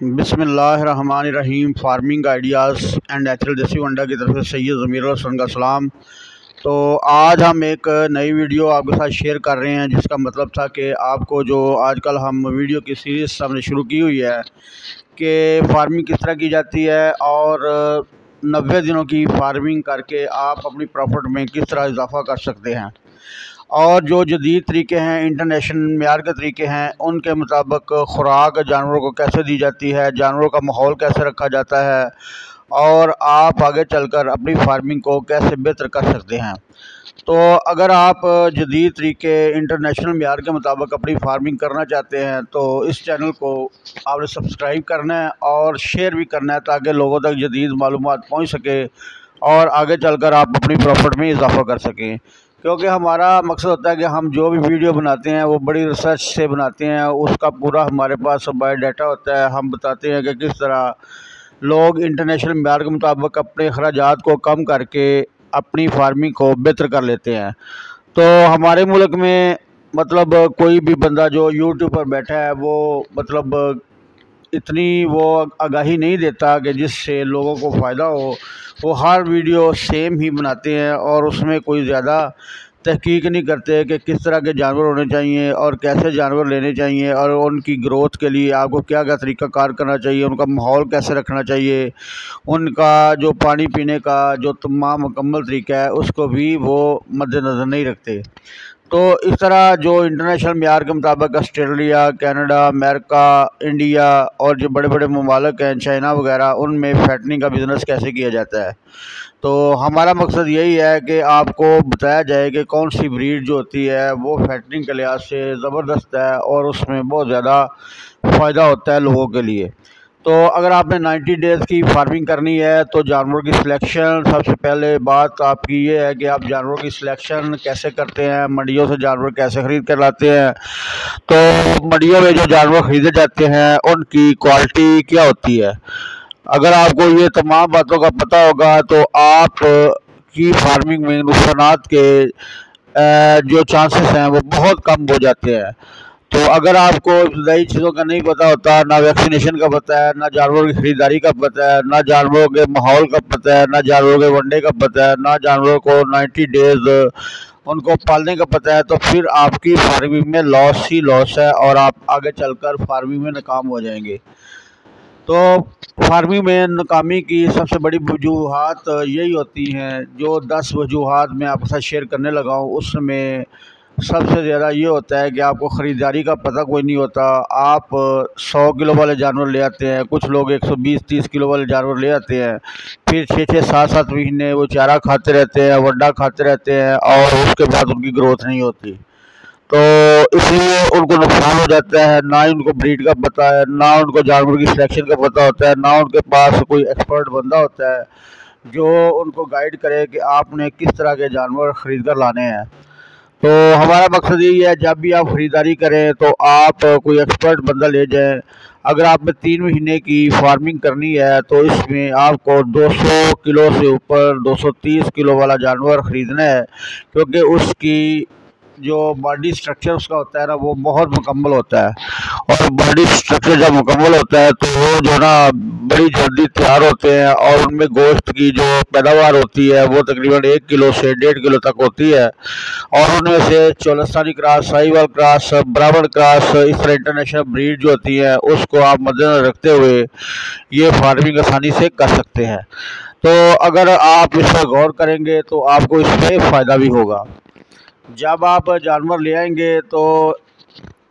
بسم اللہ الرحمن الرحیم فارمنگ آئیڈیاز اینڈ ایتھل دیسی ونڈا کی طرف سے سید ضمیر الحسن کا سلام تو آج ہم ایک نئی ویڈیو آپ کے ساتھ شیئر کر رہے ہیں جس کا مطلب تھا کہ آپ کو جو آج کل ہم ویڈیو کی سیریز ہم نے شروع کی ہوئی ہے کہ فارمنگ کس طرح کی جاتی ہے اور نوے دنوں کی فارمنگ کر کے آپ اپنی پروفٹ میں کس طرح اضافہ کر سکتے ہیں اور جو جدید طریقے ہیں انٹرنیشنل معیار کے طریقے ہیں ان کے مطابق خوراک جانوروں کو کیسے دی جاتی ہے جانوروں کا ماحول کیسے رکھا جاتا ہے اور آپ آگے چل کر اپنی فارمنگ کو کیسے بہتر کر سکتے ہیں تو اگر آپ جدید طریقے انٹرنیشنل معیار کے مطابق اپنی فارمنگ کرنا چاہتے ہیں تو اس چینل کو آپ نے سبسکرائب کرنا ہے اور شیئر بھی کرنا ہے تاکہ لوگوں تک جدید معلومات پہنچ سکے اور آگے چل کر آپ اپنی پروفٹ میں اضافہ کر سکیں کیونکہ ہمارا مقصد ہوتا ہے کہ ہم جو بھی ویڈیو بناتے ہیں وہ بڑی ریسرچ سے بناتے ہیں اس کا پورا ہمارے پاس بایو ڈیٹا ہوتا ہے ہم بتاتے ہیں کہ کس طرح لوگ انٹرنیشنل معیار کے مطابق اپنے اخراجات کو کم کر کے اپنی فارمنگ کو بہتر کر لیتے ہیں تو ہمارے ملک میں مطلب کوئی بھی بندہ جو یوٹیوب پر بیٹھا ہے وہ مطلب اتنی وہ آگاہی نہیں دیتا کہ جس سے لوگوں کو فائدہ ہو وہ ہر ویڈیو سیم ہی بناتے ہیں اور اس میں کوئی زیادہ تحقیق نہیں کرتے کہ کس طرح کے جانور ہونے چاہیے اور کیسے جانور لینے چاہیے اور ان کی گروتھ کے لیے آپ کو کیا کیا طریقہ کار کرنا چاہیے ان کا ماحول کیسے رکھنا چاہیے ان کا جو پانی پینے کا جو تمام مکمل طریقہ ہے اس کو بھی وہ مد نظر نہیں رکھتے تو اس طرح جو انٹرنیشنل معیار کے مطابق آسٹریلیا کینیڈا امریکہ انڈیا اور جو بڑے بڑے ممالک ہیں چائنا وغیرہ ان میں فیٹنگ کا بزنس کیسے کیا جاتا ہے تو ہمارا مقصد یہی ہے کہ آپ کو بتایا جائے کہ کون سی بریڈ جو ہوتی ہے وہ فیٹنگ کے لحاظ سے زبردست ہے اور اس میں بہت زیادہ فائدہ ہوتا ہے لوگوں کے لیے تو اگر آپ نے نائنٹی ڈیز کی فارمنگ کرنی ہے تو جانور کی سلیکشن سب سے پہلے بات آپ کی یہ ہے کہ آپ جانور کی سلیکشن کیسے کرتے ہیں منڈیوں سے جانور کیسے خرید کر لاتے ہیں تو منڈیوں میں جو جانور خریدے جاتے ہیں ان کی کوالٹی کیا ہوتی ہے اگر آپ کو یہ تمام باتوں کا پتہ ہوگا تو آپ کی فارمنگ میں نقصانات کے جو چانسز ہیں وہ بہت کم ہو جاتے ہیں تو اگر آپ کو ابتدائی چیزوں کا نہیں پتہ ہوتا نہ ویکسینیشن کا پتہ ہے نہ جانوروں کی خریداری کا پتہ ہے نہ جانوروں کے ماحول کا پتہ ہے نہ جانوروں کے ونڈے کا پتہ ہے نہ جانوروں کو نائنٹی ڈیز ان کو پالنے کا پتہ ہے تو پھر آپ کی فارمنگ میں لاس ہی لاس ہے اور آپ آگے چل کر فارمنگ میں ناکام ہو جائیں گے تو فارمنگ میں ناکامی کی سب سے بڑی وجوہات یہی ہوتی ہیں جو دس وجوہات میں آپ کے ساتھ شیئر کرنے لگا ہوں اس میں سب سے زیادہ یہ ہوتا ہے کہ آپ کو خریداری کا پتہ کوئی نہیں ہوتا آپ سو کلو والے جانور لے آتے ہیں کچھ لوگ ایک سو بیس تیس کلو والے جانور لے آتے ہیں پھر چھ چھ سات سات مہینے وہ چارہ کھاتے رہتے ہیں وڈا کھاتے رہتے ہیں اور اس کے بعد ان کی گروتھ نہیں ہوتی تو اس لیے ان کو نقصان ہو جاتا ہے نہ ہی ان کو بریڈ کا پتہ ہے نہ ان کو جانور کی سلیکشن کا پتہ ہوتا ہے نہ ان کے پاس کوئی ایکسپرٹ بندہ ہوتا ہے جو ان کو گائیڈ کرے کہ آپ نے کس طرح کے جانور خرید کر لانے ہیں تو ہمارا مقصد یہی ہے جب بھی آپ خریداری کریں تو آپ کوئی ایکسپرٹ بندہ لے جائیں اگر آپ نے تین مہینے کی فارمنگ کرنی ہے تو اس میں آپ کو دو سو کلو سے اوپر دو سو تیس کلو والا جانور خریدنا ہے کیونکہ اس کی جو باڈی اسٹرکچر اس کا ہوتا ہے نا وہ بہت مکمل ہوتا ہے اور باڈی اسٹرکچر جب مکمل ہوتا ہے تو وہ جو نا بڑی جلدی تیار ہوتے ہیں اور ان میں گوشت کی جو پیداوار ہوتی ہے وہ تقریباً ایک کلو سے ڈیڑھ کلو تک ہوتی ہے اور ان میں سے چولستانی کراس سائیوال کراس برابر کراس اس طرح انٹرنیشنل بریڈ جو ہوتی ہیں اس کو آپ مدنظر رکھتے ہوئے یہ فارمنگ آسانی سے کر سکتے ہیں تو اگر آپ اس پر غور کریں گے تو آپ کو اس پہ فائدہ بھی ہوگا جب آپ جانور لے آئیں گے تو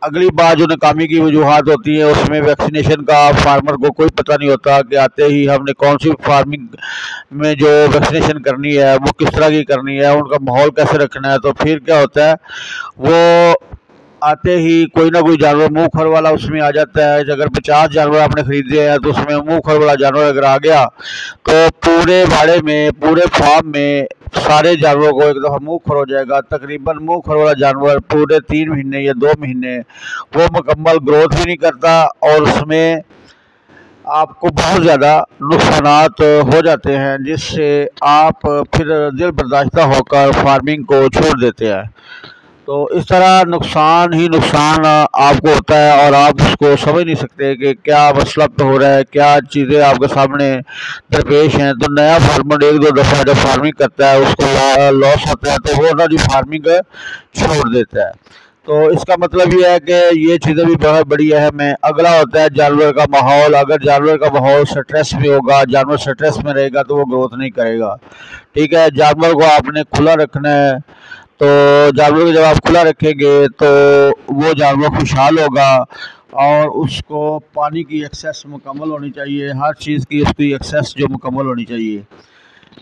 اگلی بار جو ناکامی کی وجوہات ہوتی ہیں اس میں ویکسینیشن کا فارمر کو کوئی پتہ نہیں ہوتا کہ آتے ہی ہم نے کون سی فارمنگ میں جو ویکسینیشن کرنی ہے وہ کس طرح کی کرنی ہے ان کا ماحول کیسے رکھنا ہے تو پھر کیا ہوتا ہے وہ آتے ہی کوئی نہ کوئی جانور منہ کھر والا اس میں آ جاتا ہے اگر پچاس جانور آپ نے خریدے ہیں تو اس میں منہ کھر والا جانور اگر آ گیا تو پورے بھاڑے میں پورے فارم میں سارے جانوروں کو ایک دفعہ منہ کھلو جائے گا تقریباً منہ والا جانور پورے تین مہینے یا دو مہینے وہ مکمل گروتھ بھی نہیں کرتا اور اس میں آپ کو بہت زیادہ نقصانات ہو جاتے ہیں جس سے آپ پھر دل برداشتہ ہو کر فارمنگ کو چھوڑ دیتے ہیں تو اس طرح نقصان ہی نقصان آپ کو ہوتا ہے اور آپ اس کو سمجھ نہیں سکتے کہ کیا مسئلہ ہو رہا ہے کیا چیزیں آپ کے سامنے درپیش ہیں تو نیا فارمر ایک دو دفعہ جب فارمنگ کرتا ہے اس کو لاس ہوتا ہے تو وہ جی فارمنگ چھوڑ دیتا ہے تو اس کا مطلب یہ ہے کہ یہ چیزیں بھی بہت بڑی اہم ہیں اگلا ہوتا ہے جانور کا ماحول اگر جانور کا ماحول سٹریس میں ہوگا جانور سٹریس میں رہے گا تو وہ گروتھ نہیں کرے گا ٹھیک ہے جانور کو آپ نے کھلا رکھنا ہے تو جانوروں کو جب آپ کھلا رکھیں گے تو وہ جانور خوشحال ہوگا اور اس کو پانی کی ایکسیس مکمل ہونی چاہیے ہر چیز کی اس کی ایکسیس جو مکمل ہونی چاہیے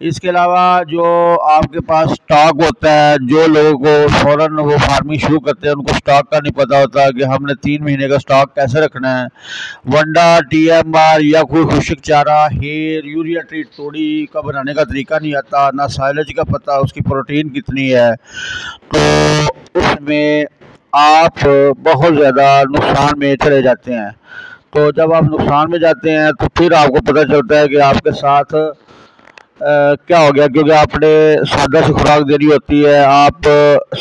اس کے علاوہ جو آپ کے پاس سٹاک ہوتا ہے جو لوگوں کو فوراً وہ فارمنگ شروع کرتے ہیں ان کو سٹاک کا نہیں پتہ ہوتا کہ ہم نے تین مہینے کا سٹاک کیسے رکھنا ہے ونڈا ٹی ایم آر یا کوئی خوشک چارہ ہیر یوریا ٹریٹ توڑی کا بنانے کا طریقہ نہیں آتا نہ سائلج کا پتہ اس کی پروٹین کتنی ہے تو اس میں آپ بہت زیادہ نقصان میں چلے جاتے ہیں تو جب آپ نقصان میں جاتے ہیں تو پھر آپ کو پتہ چلتا ہے کہ آپ کے ساتھ کیا ہو گیا کیونکہ آپ نے سادہ سی خوراک دینی ہوتی ہے آپ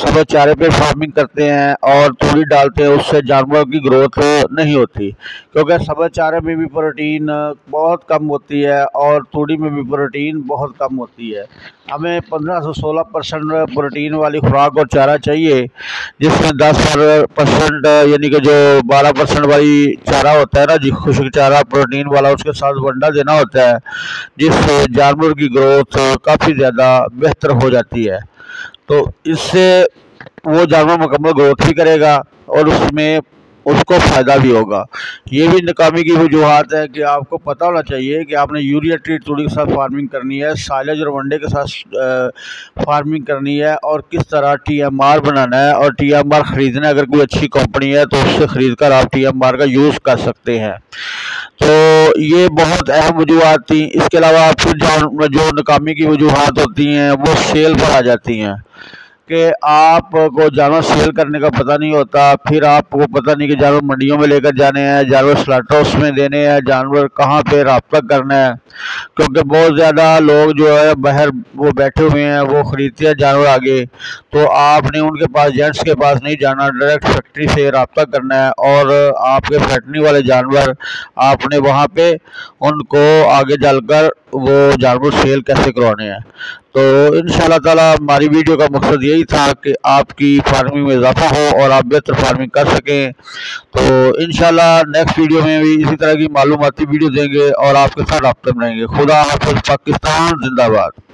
سبھے چارے پہ فارمنگ کرتے ہیں اور تھوڑی ڈالتے ہیں اس سے جانوروں کی گروتھ نہیں ہوتی کیونکہ سبھے چارے میں بھی پروٹین بہت کم ہوتی ہے اور تھوڑی میں بھی پروٹین بہت کم ہوتی ہے ہمیں پندرہ سے سولہ پرسنٹ پروٹین والی خوراک اور چارہ چاہیے جس میں دس پرسنٹ یعنی کہ جو بارہ پرسنٹ والی چارہ ہوتا ہے نا جی خشک چارہ پروٹین والا اس کے ساتھ ونڈا دینا ہوتا ہے جس سے جانور کی کی گروتھ کافی زیادہ بہتر ہو جاتی ہے تو اس سے وہ جانور مکمل گروتھ بھی کرے گا اور اس میں اس کو فائدہ بھی ہوگا یہ بھی ناکامی کی وجوہات ہے کہ آپ کو پتہ ہونا چاہیے کہ آپ نے یوریا ٹریٹ توڑی کے ساتھ فارمنگ کرنی ہے سائلج اور ونڈے کے ساتھ فارمنگ کرنی ہے اور کس طرح ٹی ایم آر بنانا ہے اور ٹی ایم آر خریدنا ہے اگر کوئی اچھی کمپنی ہے تو اس سے خرید کر آپ ٹی ایم آر کا یوز کر سکتے ہیں تو یہ بہت اہم وجوہات تھیں اس کے علاوہ آپ کی جو ناکامی کی وجوہات ہوتی ہیں وہ سیل پر آ جاتی ہیں کہ آپ کو جانور سیل کرنے کا پتہ نہیں ہوتا پھر آپ کو پتہ نہیں کہ جانور منڈیوں میں لے کر جانے ہیں جانور ہاؤس میں دینے ہیں جانور کہاں پہ رابطہ کرنا ہے کیونکہ بہت زیادہ لوگ جو ہے باہر وہ بیٹھے ہوئے ہیں وہ خریدتے ہیں جانور آگے تو آپ نے ان کے پاس جینٹس کے پاس نہیں جانا ڈائریکٹ فیکٹری سے رابطہ کرنا ہے اور آپ کے فیکٹری والے جانور آپ نے وہاں پہ ان کو آگے جل کر وہ جانور سیل کیسے کروانے ہیں تو ان شاء اللہ تعالیٰ ہماری ویڈیو کا مقصد یہی تھا کہ آپ کی فارمنگ میں اضافہ ہو اور آپ بہتر فارمنگ کر سکیں تو ان شاء اللہ نیکسٹ ویڈیو میں بھی اسی طرح کی معلوماتی ویڈیو دیں گے اور آپ کے ساتھ رابطہ رہیں گے خدا حافظ پاکستان زندہ باد